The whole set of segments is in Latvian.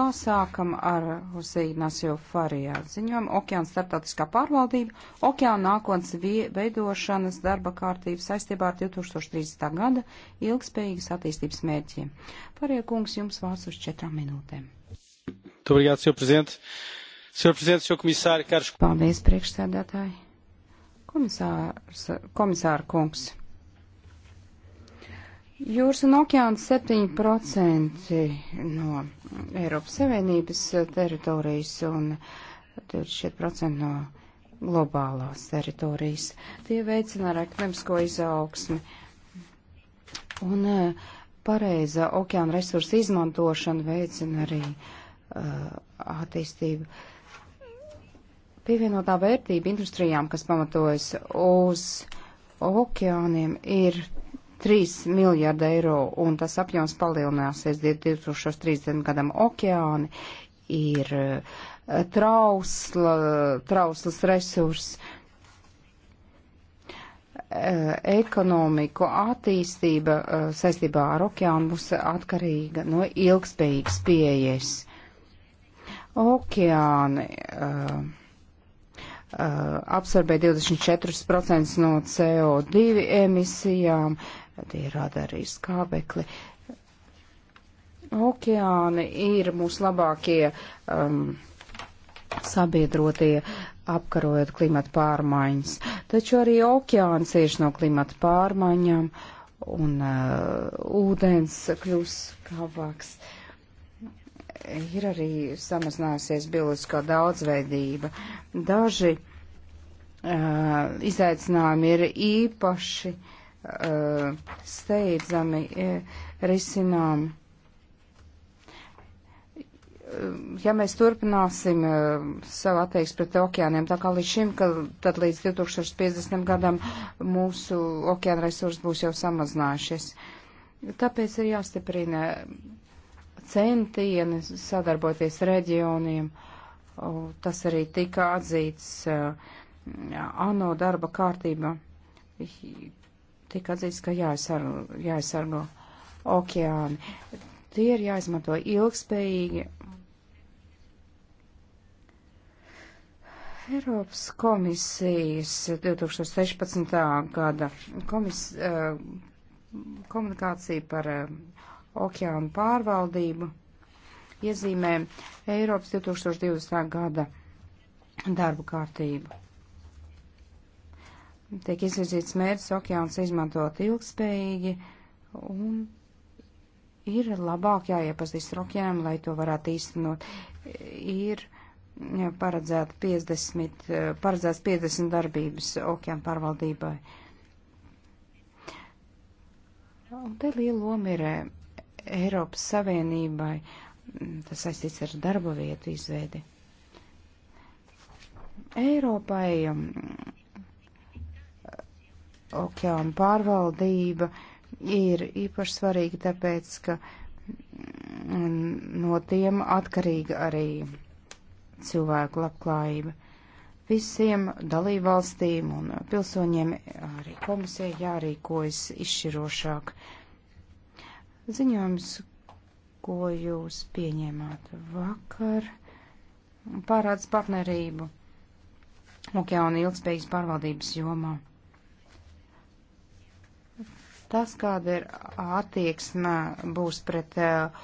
Lā nu, sākam ar Hosei Ignacio Farijā ziņojumu Okeāna starptautiskā pārvaldība, Okeāna nākotnes veidošanas darba kārtība saistībā ar 2030. gada ilgspējīgas attīstības mērķiem. Farijā kungs jums vārds uz četrām minūtēm. Obrigāt, Sr. Prezident. Sr. Prezident, Sr. Komisāri, Karš. Paldies, priekšsēdētāji. Komisārs, komisāra kungs. Jūras un okeāna 7% no Eiropas Savienības teritorijas un 24% no globālās teritorijas. Tie veicina ar ekonomisko izaugsmi. Un eh, pareiza okeāna resursa izmantošana veicina arī uh, attīstību. Pievienotā vērtība industrijām, kas pamatojas uz okeāniem, ir 3 miljārdu eiro, un tas apjoms palielināsies 2030. gadam okeāni, ir eh, trausla, trauslas resurs, eh, ekonomiku attīstība eh, saistībā ar okeānu būs atkarīga no ilgspējīgas pieejas. Okeāni uh, uh, absorbē 24% no CO2 emisijām, uh, tie rada arī skābekli. Okeāni ir mūsu labākie um, sabiedrotie apkarojot klimata pārmaiņas, taču arī okeāni cieši no klimata pārmaiņām un uh, ūdens kļūst kavāks. Ir arī samazinājusies bioloģiskā daudzveidība. Daži uh, izaicinājumi ir īpaši uh, Uh, steidzami uh, risinām. Uh, ja mēs turpināsim savu attieksmi pret okeāniem, tā kā līdz šim, ka, tad līdz 2050. gadam mūsu okeāna resursi būs jau samazinājušies. Tāpēc ir jāstiprina centieni sadarboties reģioniem. Tas arī tika atzīts ANO darba kārtībā Tika atzīts, ka jāaizsargo, jāaizsargo okeāni. Tie ir jāizmanto ilgspējīgi. Eiropas komisijas 2016. gada komis, eh, komunikācija par eh, okeānu pārvaldību iezīmē Eiropas 2020. gada darbu kārtību tiek izvirzīts mērķis okeāns izmantot ilgspējīgi un ir labāk jāiepazīst ar okeānu, lai to varētu īstenot. Ir paredzēta 50, paredzēts 50 darbības okeāna pārvaldībai. Un te liela loma ir eh, Eiropas Savienībai, tas saistīts ar darba vietu izveidi. Eiropai um, okeāna pārvaldība ir īpaši svarīga, tāpēc, ka mm, no tiem atkarīga arī cilvēku labklājība. Visiem dalībvalstīm un pilsoņiem arī komisija jārīkojas izšķirošāk. Ziņojums, ko jūs pieņēmāt vakar, pārāds partnerību okeāna ilgspējīgas pārvaldības jomā. Tas, kāda ir attieksme būs pret uh,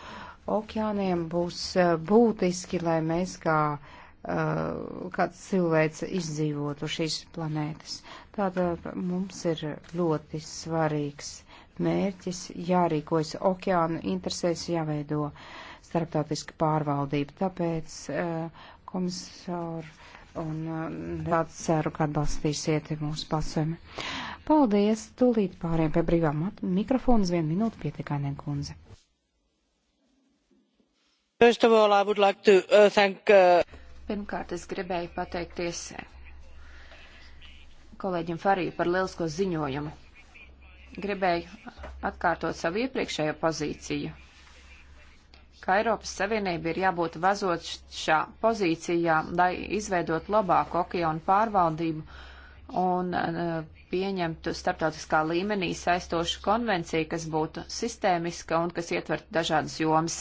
okeāniem, būs uh, būtiski, lai mēs kā uh, eh, kāds cilvēks izdzīvotu šīs planētas. Tātad mums ir ļoti svarīgs mērķis, jārīkojas okeānu interesēs, jāveido starptautiska pārvaldība. Tāpēc, komisāri, un tāds ceru, ka atbalstīsiet mūsu balsojumu. Paldies, tūlīt pāriem pie brīvā mikrofona uz vienu minūtu pietiekainiem kundze. Uh, uh, Pirmkārt, es gribēju pateikties uh, kolēģim Fariju par lielisko ziņojumu. Gribēju atkārtot savu iepriekšējo pozīciju, ka Eiropas Savienība ir jābūt vazošā pozīcijā, lai izveidot labāku okeānu pārvaldību un eh, pieņemtu starptautiskā līmenī saistošu konvenciju, kas būtu sistēmiska un kas ietvertu dažādas jomas.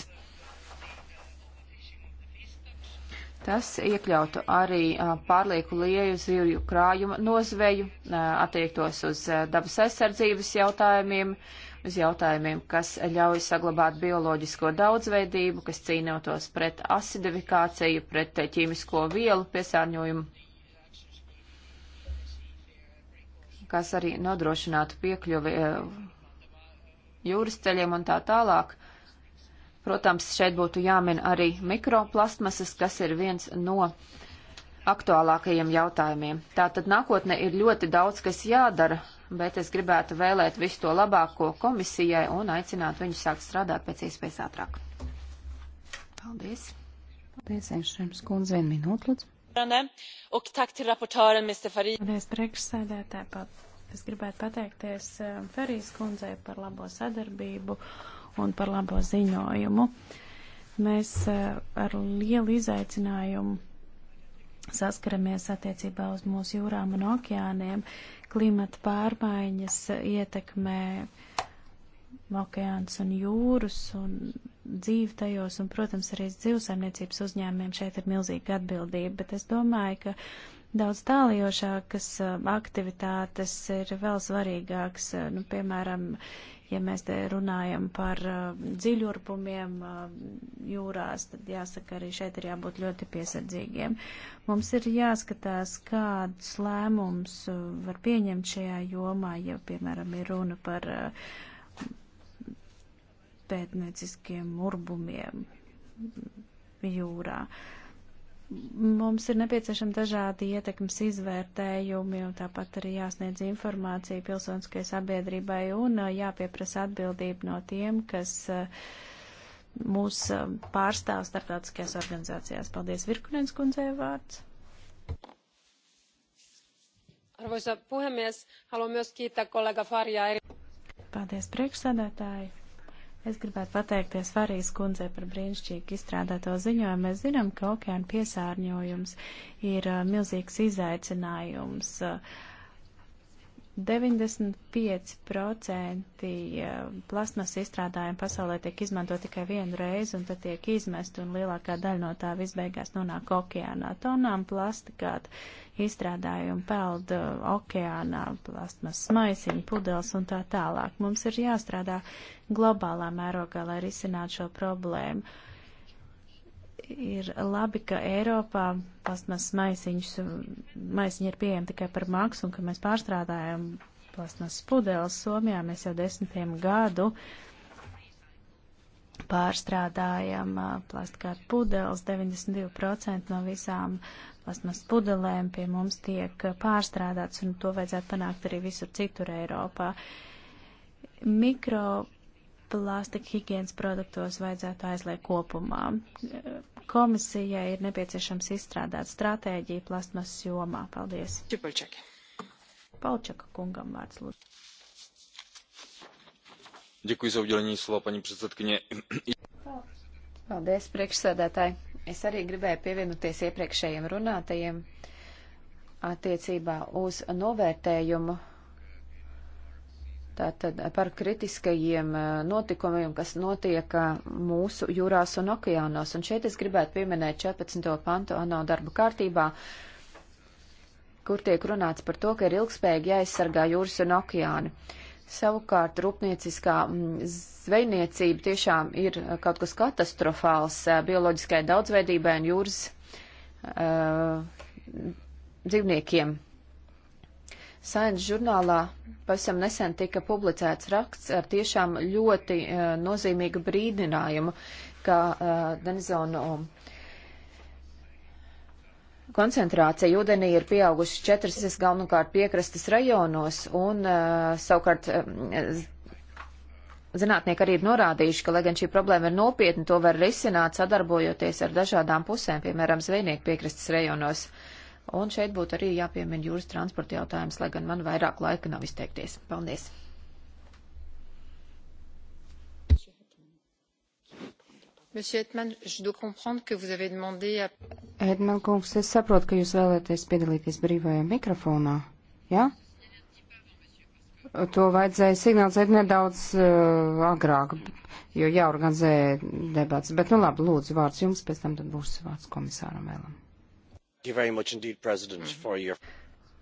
Tas iekļautu arī eh, pārlieku lieju zivju krājumu nozveju, eh, attiektos uz dabas aizsardzības jautājumiem, uz jautājumiem, kas ļauj saglabāt bioloģisko daudzveidību, kas cīnotos pret asidifikāciju, pret ķīmisko vielu piesārņojumu kas arī nodrošinātu piekļuvi eh, jūras ceļiem un tā tālāk. Protams, šeit būtu jāmin arī mikroplastmasas, kas ir viens no aktuālākajiem jautājumiem. Tātad nākotnē ir ļoti daudz, kas jādara, bet es gribētu vēlēt visu to labāko komisijai un aicināt viņu sākt strādāt pēc iespējas ātrāk. Paldies! Paldies, Enšrems kundze, vienu minūtu, lūdzu. Paldies, priekšsēdētāji. Pat. Es gribētu pateikties eh, Ferijas kundzei par labo sadarbību un par labo ziņojumu. Mēs eh, ar lielu izaicinājumu saskaramies attiecībā uz mūsu jūrām un okeāniem. Klimata pārmaiņas ietekmē okeāns un jūras un dzīvi tajos, un, protams, arī dzīvesaimniecības uzņēmumiem šeit ir milzīga atbildība, bet es domāju, ka daudz tālījošākas uh, aktivitātes ir vēl svarīgākas, uh, nu, piemēram, ja mēs te runājam par uh, dziļurpumiem jūrās, tad jāsaka, arī šeit ir jābūt ļoti piesardzīgiem. Mums ir jāskatās, kādus lēmums var pieņemt šajā jomā, ja, piemēram, ir runa par uh, pētnieciskiem urbumiem jūrā. Mums ir nepieciešami dažādi ietekmes izvērtējumi un tāpat arī jāsniedz informācija pilsoniskai sabiedrībai un uh, jāpieprasa atbildība no tiem, kas uh, mūs um, pārstāv starptautiskajās organizācijās. Paldies, Virkunens kundzei vārds. Arvoisa puhemies, haluan myös kiittää kollega Faria eri... Paldies, priekšsādātāji. Es gribētu pateikties Farijas kundzē par brīnišķīgi izstrādāto ziņojumu. Mēs zinām, ka okeāna piesārņojums ir uh, milzīgs izaicinājums. Uh, 95% plasmas izstrādājumu pasaulē tiek izmanto tikai vienu reizi un tad tiek izmest, un lielākā daļa no tā visbeigās nonāk okeānā. Tonām plastikāta izstrādājumu peld uh, okeānā, plasmas maisiņu, pudeles un tā tālāk. Mums ir jāstrādā globālā mērogā, lai risinātu šo problēmu ir labi, ka Eiropā plasmas maisiņš, maisiņi ir pieejami tikai par maksu un ka mēs pārstrādājam plasmas pudeles. Somijā mēs jau desmitiem gadu pārstrādājam plastkārt pudeles. 92% no visām plasmas pudelēm pie mums tiek pārstrādāts un to vajadzētu panākt arī visur citur Eiropā. Mikro plastika higienas produktos vajadzētu aizliegt kopumā. Komisijai ir nepieciešams izstrādāt stratēģiju plasmas jomā. Paldies. Čipalčaki. Palčaka kungam vārds lūdzu. Děkuji za udělení slova, paní předsedkyně. Paldies, priekšsēdētāji. Es arī gribēju pievienoties iepriekšējiem runātajiem attiecībā uz novērtējumu Tātad par kritiskajiem eh, notikumiem, kas notiek eh, mūsu jūrās un okeānos. Un šeit es gribētu pieminēt 14. pantu ANO darba kārtībā, kur tiek runāts par to, ka ir ilgspējīgi jāaizsargā jūras un okeāni. Savukārt rūpnieciskā mm, zvejniecība tiešām ir eh, kaut kas katastrofāls bioloģiskai daudzveidībai un jūras uh, dzīvniekiem. Science žurnālā pavisam nesen tika publicēts raksts ar tiešām ļoti uh, nozīmīgu brīdinājumu, ka uh, eh, Denizona eh, koncentrācija ūdenī ir pieauguši četras galvenokārt piekrastes rajonos un uh, savukārt. Uh, Zinātnieki arī ir norādījuši, ka, lai gan šī problēma ir nopietna, to var risināt sadarbojoties ar dažādām pusēm, piemēram, zvejnieku piekrastes rajonos. Uh, Un šeit būtu arī jāpiemina jūras transporta jautājums, lai gan man vairāk laika nav izteikties. Paldies! Edman kungs, es saprotu, ka jūs vēlēties piedalīties brīvajā mikrofonā, jā? Ja? To vajadzēja signalizēt nedaudz uh, agrāk, jo jāorganizē debats. Bet, nu labi, lūdzu, vārds jums, pēc tam tad būs vārds komisāram vēlam. Mm-hmm.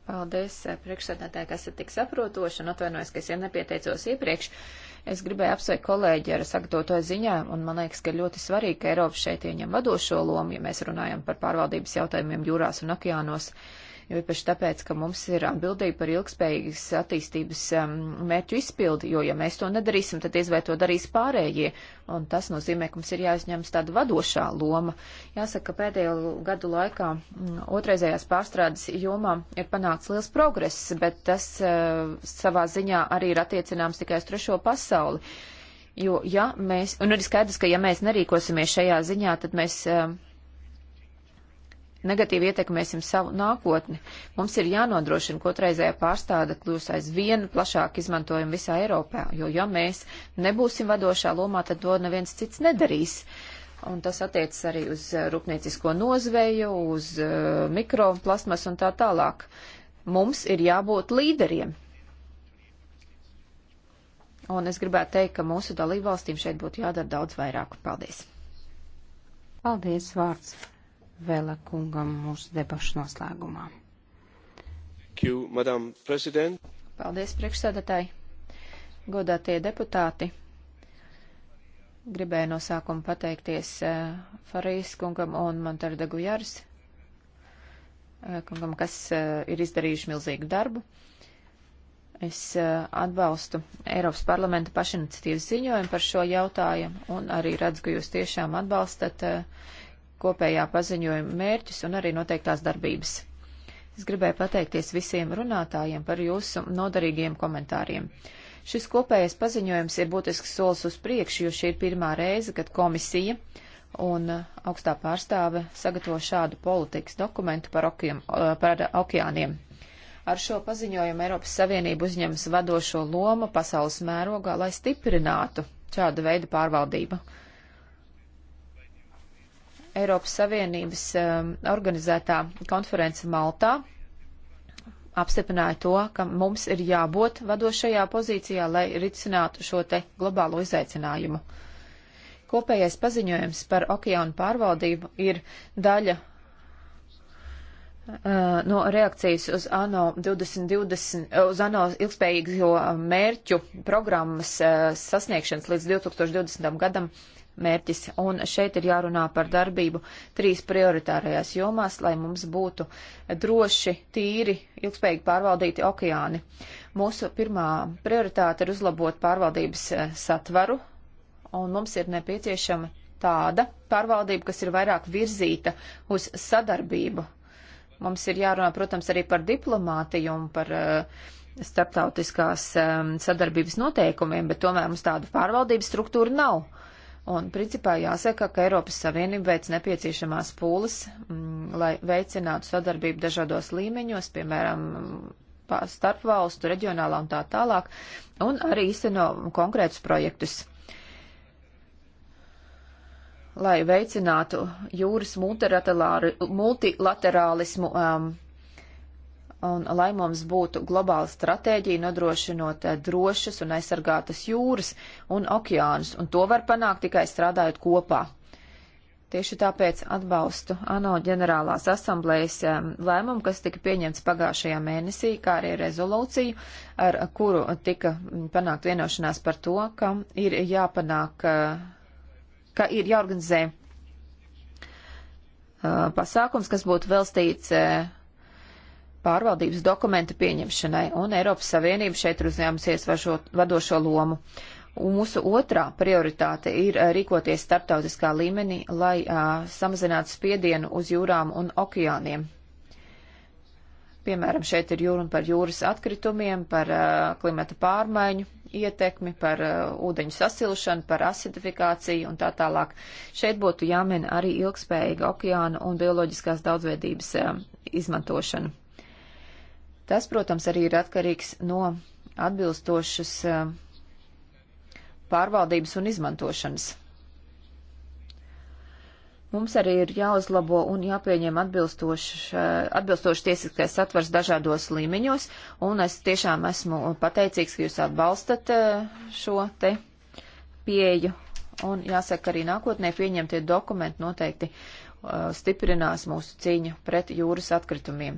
Paldies, eh, priekšsēdētāji, kas ir tik saprotoši un atvainojos, ka es jau nepieteicos iepriekš. Es gribēju apsveikt kolēģi ar sagatavoto ziņā, un man liekas, ka ļoti svarīgi, ka Eiropa šeit ieņem vadošo lomu, ja mēs runājam par pārvaldības jautājumiem jūrās un okeānos. Uh, jo īpaši tāpēc, ka mums ir atbildība par ilgspējīgas attīstības um, mērķu izpildi, jo ja mēs to nedarīsim, tad diez vai to darīs pārējie, un tas nozīmē, ka mums ir jāizņemas tāda vadošā loma. Jāsaka, ka pēdējo gadu laikā m, mm, otrreizējās pārstrādes jomā ir panākts liels progress, bet tas uh, savā ziņā arī ir attiecināms tikai uz trešo pasauli. Jo, ja mēs, un ir skaidrs, ka ja mēs nerīkosimies šajā ziņā, tad mēs uh, negatīvi ietekmēsim savu nākotni. Mums ir jānodrošina, ka otrreizējā pārstāde kļūs aizvien plašāk izmantojama visā Eiropā, jo ja mēs nebūsim vadošā lomā, tad to neviens cits nedarīs. Un tas attiecas arī uz eh, rūpniecisko nozveju, uz uh, mikroplasmas un tā tālāk. Mums ir jābūt līderiem. Un es gribētu teikt, ka mūsu dalībvalstīm šeit būtu jādara daudz vairāk. Paldies! Paldies, vārds Vela kungam mūsu debašu noslēgumā. You, Paldies, priekšsēdētāji! Godātie deputāti! Gribēju no sākuma pateikties uh, Farijas kungam un Montarda Gujars, uh, eh, kungam, kas uh, ir izdarījuši milzīgu darbu. Es atbalstu Eiropas parlamenta pašiniciatīvas ziņojumu par šo jautājumu un arī redzu, ka jūs tiešām atbalstat uh, kopējā paziņojuma mērķus un arī noteiktās darbības. Es gribēju pateikties visiem runātājiem par jūsu nodarīgiem komentāriem. Šis kopējais paziņojums ir būtisks solis uz priekšu, jo šī ir pirmā reize, kad komisija un augstā pārstāve sagatavo šādu politikas dokumentu par, okiem, eh, par okeāniem. Ar šo paziņojumu Eiropas Savienība uzņemas vadošo lomu pasaules mērogā, lai stiprinātu šādu veidu pārvaldību. Eiropas Savienības um, organizētā konference Maltā apstiprināja to, ka mums ir jābūt vadošajā pozīcijā, lai risinātu šo te globālo izaicinājumu. Kopējais paziņojums par okeānu pārvaldību ir daļa uh, no reakcijas uz ANO 2020, uh, uz ANO ilgspējīgo mērķu programmas uh, sasniegšanas līdz 2020. gadam uh, mērķis, un šeit ir jārunā par darbību trīs prioritārajās jomās, lai mums būtu droši, tīri, ilgspējīgi pārvaldīti okeāni. Mūsu pirmā prioritāte ir uzlabot pārvaldības e, satvaru, un mums ir nepieciešama tāda pārvaldība, kas ir vairāk virzīta uz sadarbību. Mums ir jārunā, protams, arī par diplomātiju un par uh, starptautiskās um, sadarbības noteikumiem, bet tomēr mums tādu pārvaldības struktūru nav. Un, principā, jāsaka, ka Eiropas Savienība veic nepieciešamās pūles, m, mm, lai veicinātu sadarbību dažādos līmeņos, piemēram, starpvalstu, reģionālā un tā tālāk, un arī īsteno konkrētus projektus. Lai veicinātu jūras multilaterālismu um, un lai mums būtu globāla stratēģija nodrošinot eh, drošas un aizsargātas jūras un okeānus, un to var panākt tikai strādājot kopā. Tieši tāpēc atbalstu ANO ģenerālās asamblējas ehm, lēmumu, kas tika pieņemts pagājušajā mēnesī, kā arī rezolūciju, ar kuru tika mm, panākt vienošanās par to, ka ir jāpanāk, eh, ka ir jāorganizē eh, pasākums, kas būtu velstīts pārvaldības dokumentu pieņemšanai, un Eiropas Savienība šeit ir uzņēmusies vadošo lomu. Un mūsu otrā prioritāte ir eh, rīkoties starptautiskā līmenī, lai a, eh, samazinātu spiedienu uz jūrām un okeāniem. Piemēram, šeit ir jūra par jūras atkritumiem, par a, eh, klimata pārmaiņu ietekmi, par a, ūdeņu sasilšanu, par asidifikāciju un tā tālāk. Šeit būtu jāmin arī ilgspējīga okeāna un bioloģiskās daudzveidības a, izmantošana. Tas, protams, arī ir atkarīgs no atbilstošas eh, pārvaldības un izmantošanas. Mums arī ir jāuzlabo un jāpieņem atbilstoši eh, tiesiskais satvers dažādos līmeņos, un es tiešām esmu pateicīgs, ka jūs atbalstat eh, šo te pieeju, un jāsaka arī nākotnē pieņemtie dokumenti noteikti stiprinās mūsu cīņu pret jūras atkritumiem.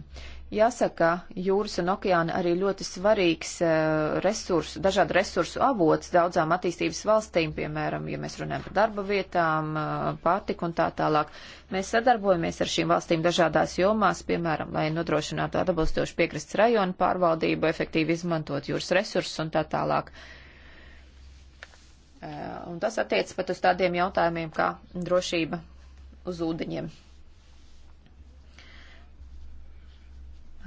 Jāsaka, jūras un okeāna arī ļoti svarīgs eh, resursu, dažādu resursu avots daudzām attīstības valstīm, piemēram, ja mēs runājam par darba vietām, eh, pārtiku un tā tālāk. Mēs sadarbojamies ar šīm valstīm dažādās jomās, piemēram, lai nodrošinātu atbilstošu piekrastes rajonu pārvaldību, efektīvi izmantot jūras resursus un tā tālāk. Eh, un tas attiec pat uz tādiem jautājumiem kā drošība uz ūdeņiem.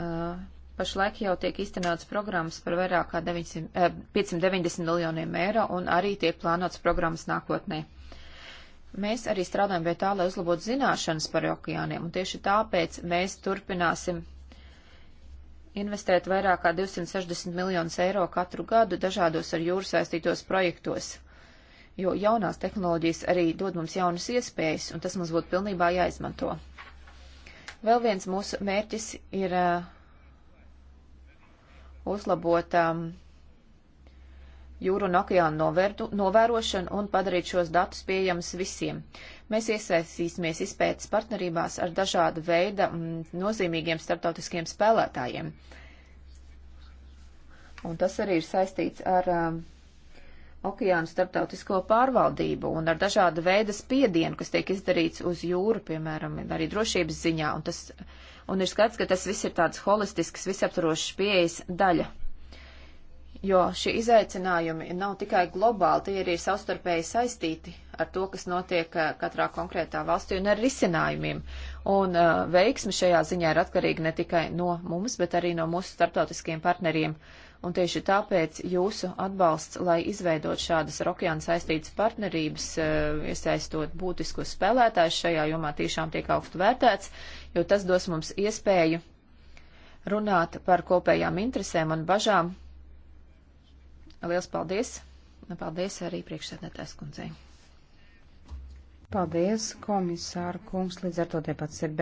Eh, pašlaik jau tiek iztenāts programmas par vairāk kā 900, eh, 590 miljoniem eiro un arī tiek plānots programmas nākotnē. Mēs arī strādājam pie tā, lai uzlabotu zināšanas par okeāniem, un tieši tāpēc mēs turpināsim investēt vairāk kā 260 miljonus eiro katru gadu dažādos ar jūru saistītos projektos, jo jaunās tehnoloģijas arī dod mums jaunas iespējas, un tas mums būtu pilnībā jāizmanto. Vēl viens mūsu mērķis ir uh, uzlabot um, jūru un okeānu novērdu, novērošanu un padarīt šos datus pieejamus visiem. Mēs iesaistīsimies izpētes partnerībās ar dažādu veidu mm, nozīmīgiem starptautiskiem spēlētājiem. Un tas arī ir saistīts ar um, okeānu starptautisko pārvaldību un ar dažādu veidu spiedienu, kas tiek izdarīts uz jūru, piemēram, arī drošības ziņā. Un, tas, un ir skats, ka tas viss ir tāds holistisks, visaptvarošs pieejas daļa. Jo šie izaicinājumi nav tikai globāli, tie arī ir savstarpēji saistīti ar to, kas notiek eh, katrā konkrētā valstī un ar risinājumiem. Un uh, veiksme šajā ziņā ir atkarīga ne tikai no mums, bet arī no mūsu starptautiskiem partneriem. Uh, un tieši tāpēc jūsu atbalsts, lai izveidot šādas ar okeānu saistītas partnerības, eh, iesaistot būtiskus spēlētājus šajā jomā, tiešām tiek augstu vērtēts, jo tas dos mums iespēju runāt par kopējām interesēm un bažām. Liels paldies! Paldies arī priekšsēdētājs kundzei! Paldies, komisāra kungs, līdz ar to te pats ir.